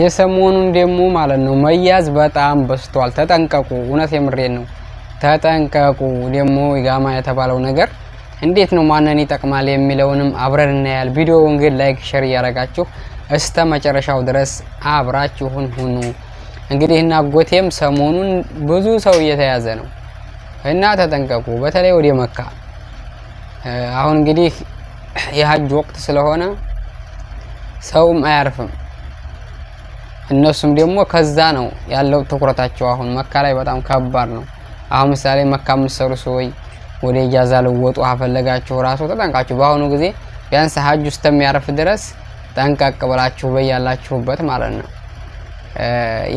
የሰሞኑን ደግሞ ማለት ነው መያዝ በጣም በስቷል። ተጠንቀቁ። እውነት የምሬን ነው። ተጠንቀቁ። ደግሞ ኢቃማ የተባለው ነገር እንዴት ነው ማንን ይጠቅማል የሚለውንም አብረን እናያል። ቪዲዮውን ግን ላይክ፣ ሼር እያረጋችሁ እስተ መጨረሻው ድረስ አብራችሁን ሁኑ። እንግዲህ እና ጎቴም ሰሞኑን ብዙ ሰው እየተያዘ ነው እና ተጠንቀቁ። በተለይ ወደ መካ አሁን እንግዲህ የሀጅ ወቅት ስለሆነ ሰውም አያርፍም እነሱም ደግሞ ከዛ ነው ያለው ትኩረታቸው። አሁን መካ ላይ በጣም ከባድ ነው። አሁን ምሳሌ መካ የምትሰሩ ሰዎች ወደ ኢጃዛ ልወጡ አፈለጋችሁ ራሱ ተጠንቃችሁ፣ በአሁኑ ጊዜ ቢያንስ ሀጅ እስከሚያርፍ ድረስ ጠንቀቅ ብላችሁ በያላችሁበት ማለት ነው።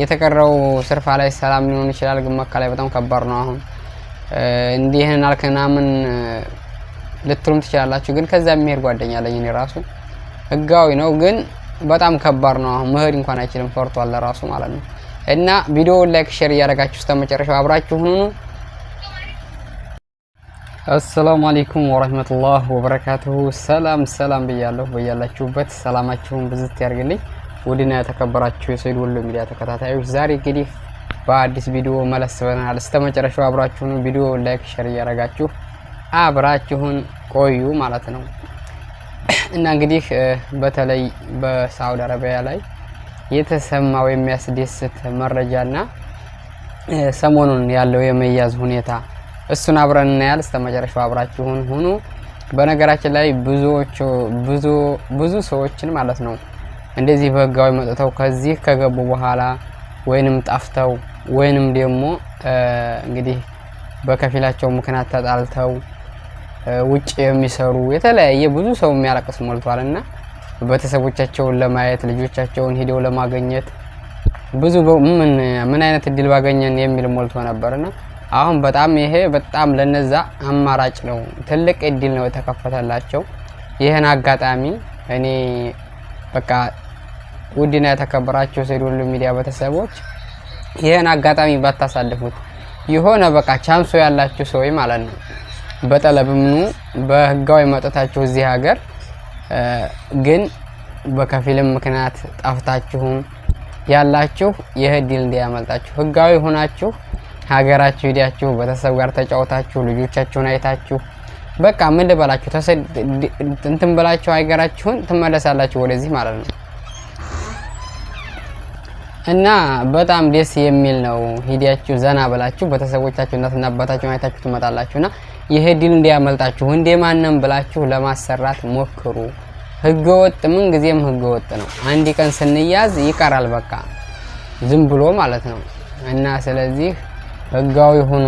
የተቀረው ስርፋ ላይ ሰላም ሊሆን ይችላል፣ ግን መካ ላይ በጣም ከባድ ነው። አሁን እንዲህን አልከናምን ልትሉም ትችላላችሁ፣ ግን ከዛ የሚሄድ ጓደኛ አለኝ እኔ ራሱ ህጋዊ ነው ግን በጣም ከባድ ነው። አሁን መሄድ እንኳን አይችልም ፈርቷል ለራሱ ማለት ነው። እና ቪዲዮውን ላይክ፣ ሼር እያደረጋችሁ እስከ መጨረሻው አብራችሁ ሁኑ። አሰላሙ አለይኩም ወራህመቱላህ ወበረካቱሁ። ሰላም ሰላም ብያለሁ። በያላችሁበት ሰላማችሁን ብዝት ያርግልኝ። ውድና የተከበራችሁ የሰይድ ወሎ ሚዲያ ተከታታዮች ዛሬ እንግዲህ በአዲስ ቪዲዮ መለስ ብለናል። እስከ መጨረሻው አብራችሁኑ። ቪዲዮውን ላይክ፣ ሼር እያደረጋችሁ አብራችሁን ቆዩ ማለት ነው። እና እንግዲህ በተለይ በሳውዲ አረቢያ ላይ የተሰማው የሚያስደስት መረጃና ሰሞኑን ያለው የመያዝ ሁኔታ እሱን አብረን እናያል። እስከ መጨረሻው አብራችሁን ሁኑ። በነገራችን ላይ ብዙዎቹ ብዙ ብዙ ሰዎችን ማለት ነው እንደዚህ በህጋዊ መጥተው ከዚህ ከገቡ በኋላ ወይንም ጠፍተው ወይንም ደግሞ እንግዲህ በከፊላቸው ምክንያት ተጣልተው ውጭ የሚሰሩ የተለያየ ብዙ ሰው የሚያለቅስ ሞልቷል እና ቤተሰቦቻቸውን ለማየት ልጆቻቸውን ሄደው ለማገኘት ብዙ ምን ምን አይነት እድል ባገኘን የሚል ሞልቶ ነበርና አሁን በጣም ይሄ በጣም ለነዛ አማራጭ ነው፣ ትልቅ እድል ነው የተከፈተላቸው። ይህን አጋጣሚ እኔ በቃ ውድና የተከበራቸው ሴዶሉ ሚዲያ ቤተሰቦች ይህን አጋጣሚ ባታሳልፉት፣ የሆነ በቃ ቻንሶ ያላችሁ ሰዎች ማለት ነው በጠለብም ኑ በህጋዊ መጠታችሁ እዚህ ሀገር ግን በከፊልም ምክንያት ጠፍታችሁም ያላችሁ ይህ ዲል እንዲያመልጣችሁ ህጋዊ ሆናችሁ ሀገራችሁ ሂዳችሁ ቤተሰብ ጋር ተጫውታችሁ ልጆቻችሁን አይታችሁ በቃ ምን ልበላችሁ እንትን ብላችሁ ሀገራችሁን ትመለሳላችሁ ወደዚህ ማለት ነው። እና በጣም ደስ የሚል ነው። ሂዲያችሁ ዘና ብላችሁ ቤተሰቦቻችሁ እናትና አባታችሁን አይታችሁ ትመጣላችሁ። እና ይህ ዲል እንዲያመልጣችሁ እንዴ ማንም ብላችሁ ለማሰራት ሞክሩ። ህገ ወጥ ምን ጊዜም ወጥ ነው። አንድ ቀን ስንያዝ ይቀራል በቃ ዝም ብሎ ማለት ነው። እና ስለዚህ ህጋዊ ሁኑ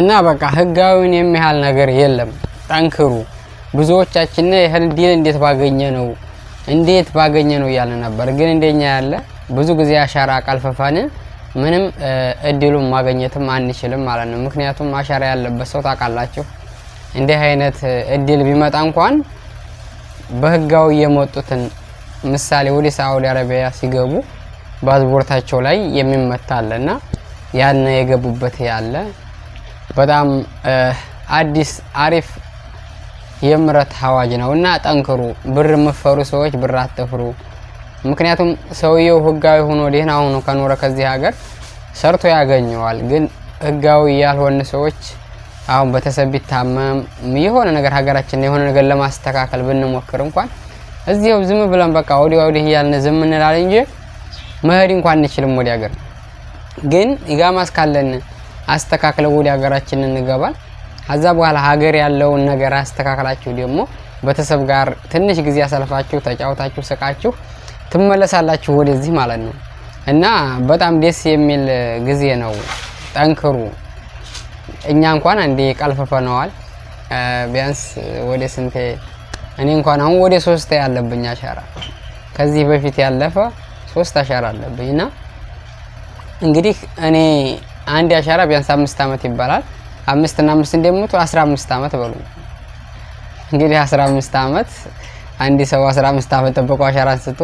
እና በቃ ህጋዊን የሚያህል ነገር የለም። ጠንክሩ። ብዙዎቻችን ይህን ዲል እንዴት ባገኘ ነው እንዴት ባገኘ ነው እያለ ነበር። ግን እንደኛ ያለ ብዙ ጊዜ አሻራ ቀልፈፈን ምንም እድሉን ማገኘትም አንችልም ማለት ነው። ምክንያቱም አሻራ ያለበት ሰው ታውቃላችሁ፣ እንዲህ አይነት እድል ቢመጣ እንኳን በህጋዊ የመጡትን ምሳሌ ወደ ሳዑዲ አረቢያ ሲገቡ ባዝቦርታቸው ላይ የሚመታለና ያን የገቡበት ያለ በጣም አዲስ አሪፍ የምረት አዋጅ ነው እና ጠንክሩ። ብር የምፈሩ ሰዎች ብር አትፍሩ። ምክንያቱም ሰውየው ህጋዊ ሆኖ ደህና ሆኖ ከኖረ ከዚህ ሀገር ሰርቶ ያገኘዋል። ግን ህጋዊ ያልሆነ ሰዎች አሁን በተሰብ ቢታመም የሆነ ነገር ሀገራችን የሆነ ነገር ለማስተካከል ብንሞክር እንኳን እዚው ዝም ብለን በቃ ወዲያ ወዲ እያልን ዝም እንላለን እንጂ መሄድ እንኳን እንችልም ወዲያ ሀገር። ግን ኢቃማ እስካለን አስተካክለው ወዲያ ሀገራችን እንገባል። ከዛ በኋላ ሀገር ያለውን ነገር አስተካክላችሁ ደግሞ ቤተሰብ ጋር ትንሽ ጊዜ አሳልፋችሁ ተጫውታችሁ ስቃችሁ ትመለሳላችሁ ወደዚህ ማለት ነው። እና በጣም ደስ የሚል ጊዜ ነው። ጠንክሩ። እኛ እንኳን አንዴ ቀልፈፈነዋል። ቢያንስ ወደ ስንቴ እኔ እንኳን አሁን ወደ ሶስት ያለብኝ አሻራ ከዚህ በፊት ያለፈ ሶስት አሻራ አለብኝ እና እንግዲህ እኔ አንድ አሻራ ቢያንስ አምስት ዓመት ይባላል አምስት እና አምስት እንደምቱ 15 አመት በሉ። እንግዲህ 15 አመት አንድ ሰው 15 አመት ጠብቆ አሻራን ስቶ፣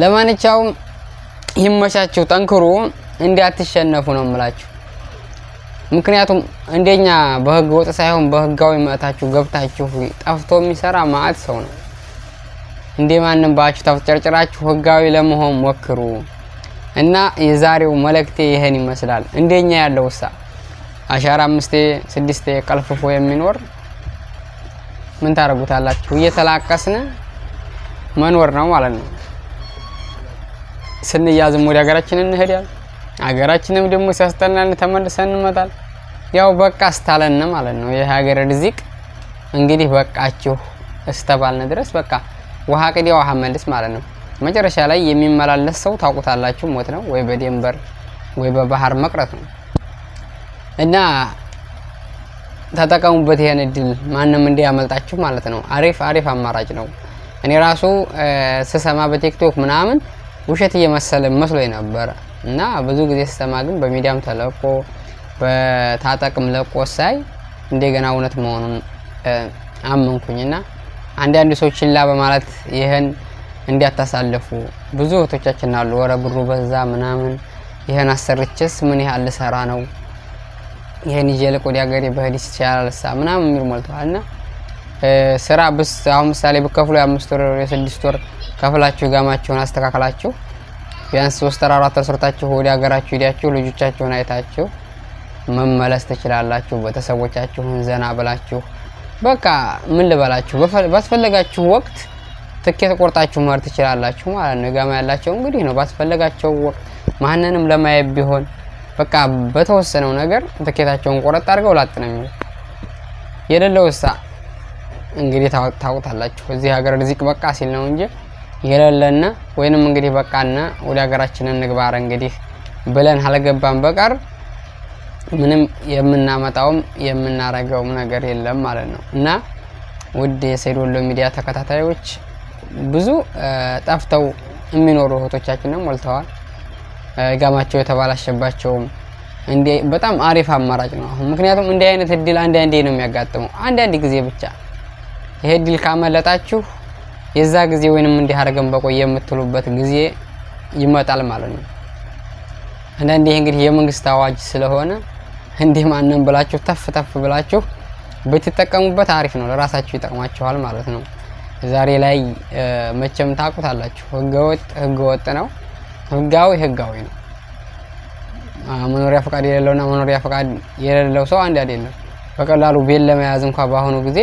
ለማንቻው ይመቻችሁ፣ ጠንክሩ፣ እንዳትሸነፉ ነው የምላችሁ። ምክንያቱም እንደኛ በህገ ወጥ ሳይሆን በህጋዊ መታችሁ ገብታችሁ ጠፍቶ የሚሰራ ማአት ሰው ነው። እንደ ማንም ባችሁ ተፍጨርጭራችሁ ህጋዊ ለመሆን ሞክሩ እና የዛሬው መልእክቴ ይህን ይመስላል። እንደኛ ያለው አሻራ አምስቴ ስድስቴ ቀልፍፎ የሚኖር ምን ታደርጉታላችሁ? እየተላቀስን መኖር ነው ማለት ነው። ስንያዝም ወደ ሀገራችን እንሄዳል። ሀገራችንም ደግሞ ሲያስጠናን ተመልሰን እንመጣል። ያው በቃ አስታለን ማለት ነው። የሀገር ርዚቅ እንግዲህ በቃችሁ እስተባልን ድረስ በቃ ውሃ ቅዲ ውሃ መልስ ማለት ነው። መጨረሻ ላይ የሚመላለስ ሰው ታውቁታላችሁ፣ ሞት ነው ወይ በደንበር ወይ በባህር መቅረት ነው። እና ተጠቀሙበት ይሄን እድል ማንም እንዲያመልጣችሁ ማለት ነው። አሪፍ አሪፍ አማራጭ ነው። እኔ ራሱ ስሰማ በቲክቶክ ምናምን ውሸት እየመሰለ መስሎኝ ነበረ እና ብዙ ጊዜ ስሰማ ግን በሚዲያም ተለቆ በታጠቅም ለቆ ሳይ እንደገና እውነት መሆኑን አመንኩኝ እና አንዳንድ ሰዎችን ላ በማለት ይህን እንዲያታሳልፉ ብዙ እህቶቻችን አሉ። ወረ ብሩ በዛ ምናምን ይህን አሰርችስ ምን ያህል ልሰራ ነው ይሄን ይዤ ልቅ ወደ ሀገሬ በህዲስ ይቻላል ሳ ምናምን የሚል ሞልተዋል። እና ስራ ብስ አሁን ምሳሌ ብከፍሉ የአምስት ወር የስድስት ወር ከፍላችሁ ጋማችሁን አስተካክላችሁ ቢያንስ ሶስት ወር አራት ወር ሰርታችሁ ወደ ሀገራችሁ ሄዳችሁ ልጆቻችሁን አይታችሁ መመለስ ትችላላችሁ። ቤተሰቦቻችሁን ዘና ብላችሁ በቃ ምን ልበላችሁ ባስፈለጋችሁ ወቅት ትኬት ቆርጣችሁ መሄድ ትችላላችሁ ማለት ነው። ጋማ ያላቸው እንግዲህ ነው ባስፈለጋቸው ወቅት ማንንም ለማየት ቢሆን በቃ በተወሰነው ነገር ትኬታቸውን ቆረጥ አድርገው ላጥ ነው የሚሉ የሌለው እሳ እንግዲህ ታውቁታላችሁ። እዚህ ሀገር ሪዚቅ በቃ ሲል ነው እንጂ የሌለና ወይንም እንግዲህ በቃና ወደ ሀገራችንን ንግባር እንግዲህ ብለን አልገባም በቀር ምንም የምናመጣውም የምናረገውም ነገር የለም ማለት ነው። እና ውድ የሰይድ ወሎ ሚዲያ ተከታታዮች ብዙ ጠፍተው የሚኖሩ እህቶቻችንም ሞልተዋል። ጋማቸው የተባላሸባቸውም በጣም አሪፍ አማራጭ ነው። አሁን ምክንያቱም እንዲህ አይነት እድል አንዳንዴ ነው የሚያጋጥመው፣ አንዳንድ ጊዜ ብቻ። ይሄ እድል ካመለጣችሁ የዛ ጊዜ ወይንም እንዲህ አድርገን በቆየ የምትሉበት ጊዜ ይመጣል ማለት ነው። አንዳንዴ ይሄ እንግዲህ የመንግስት አዋጅ ስለሆነ እንዲህ ማንም ብላችሁ ተፍ ተፍ ብላችሁ ብትጠቀሙበት አሪፍ ነው፣ ለራሳችሁ ይጠቅማችኋል ማለት ነው። ዛሬ ላይ መቼም ታውቁታላችሁ፣ ህገወጥ ህገወጥ ነው። ህጋዊ ህጋዊ ነው። መኖሪያ ፈቃድ የሌለውና መኖሪያ ፈቃድ የሌለው ሰው አንድ አይደለም። በቀላሉ ቤት ለመያዝ እንኳ በአሁኑ ጊዜ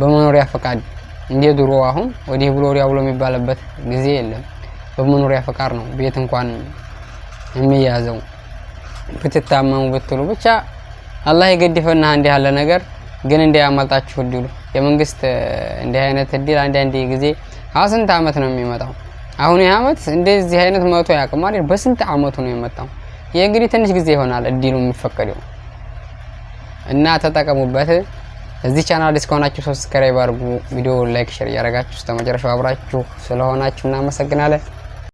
በመኖሪያ ፈቃድ እንደ ድሮ አሁን ወዲህ ብሎ ወዲያ ብሎ የሚባልበት ጊዜ የለም። በመኖሪያ ፈቃድ ነው ቤት እንኳን የሚያዘው። ብትታመሙ ብትሉ ብቻ አላህ የገድፈና እንዲህ ያለ ነገር ግን እንዳያመልጣችሁ እድሉ የመንግስት እንዲህ አይነት እድል አንዳንድ ጊዜ አስንት አመት ነው የሚመጣው አሁን ይህ አመት እንደዚህ አይነት መቶ ያቅም አይደል? በስንት አመቱ ነው የመጣው? ይህ እንግዲህ ትንሽ ጊዜ ይሆናል እድሉ የሚፈቀደው እና ተጠቀሙበት። እዚህ ቻናል እስከሆናችሁ ሰብስክራይብ አድርጉ፣ ቪዲዮ ላይክ፣ ሼር እያደረጋችሁ እስከ መጨረሻው አብራችሁ ስለሆናችሁ እናመሰግናለን።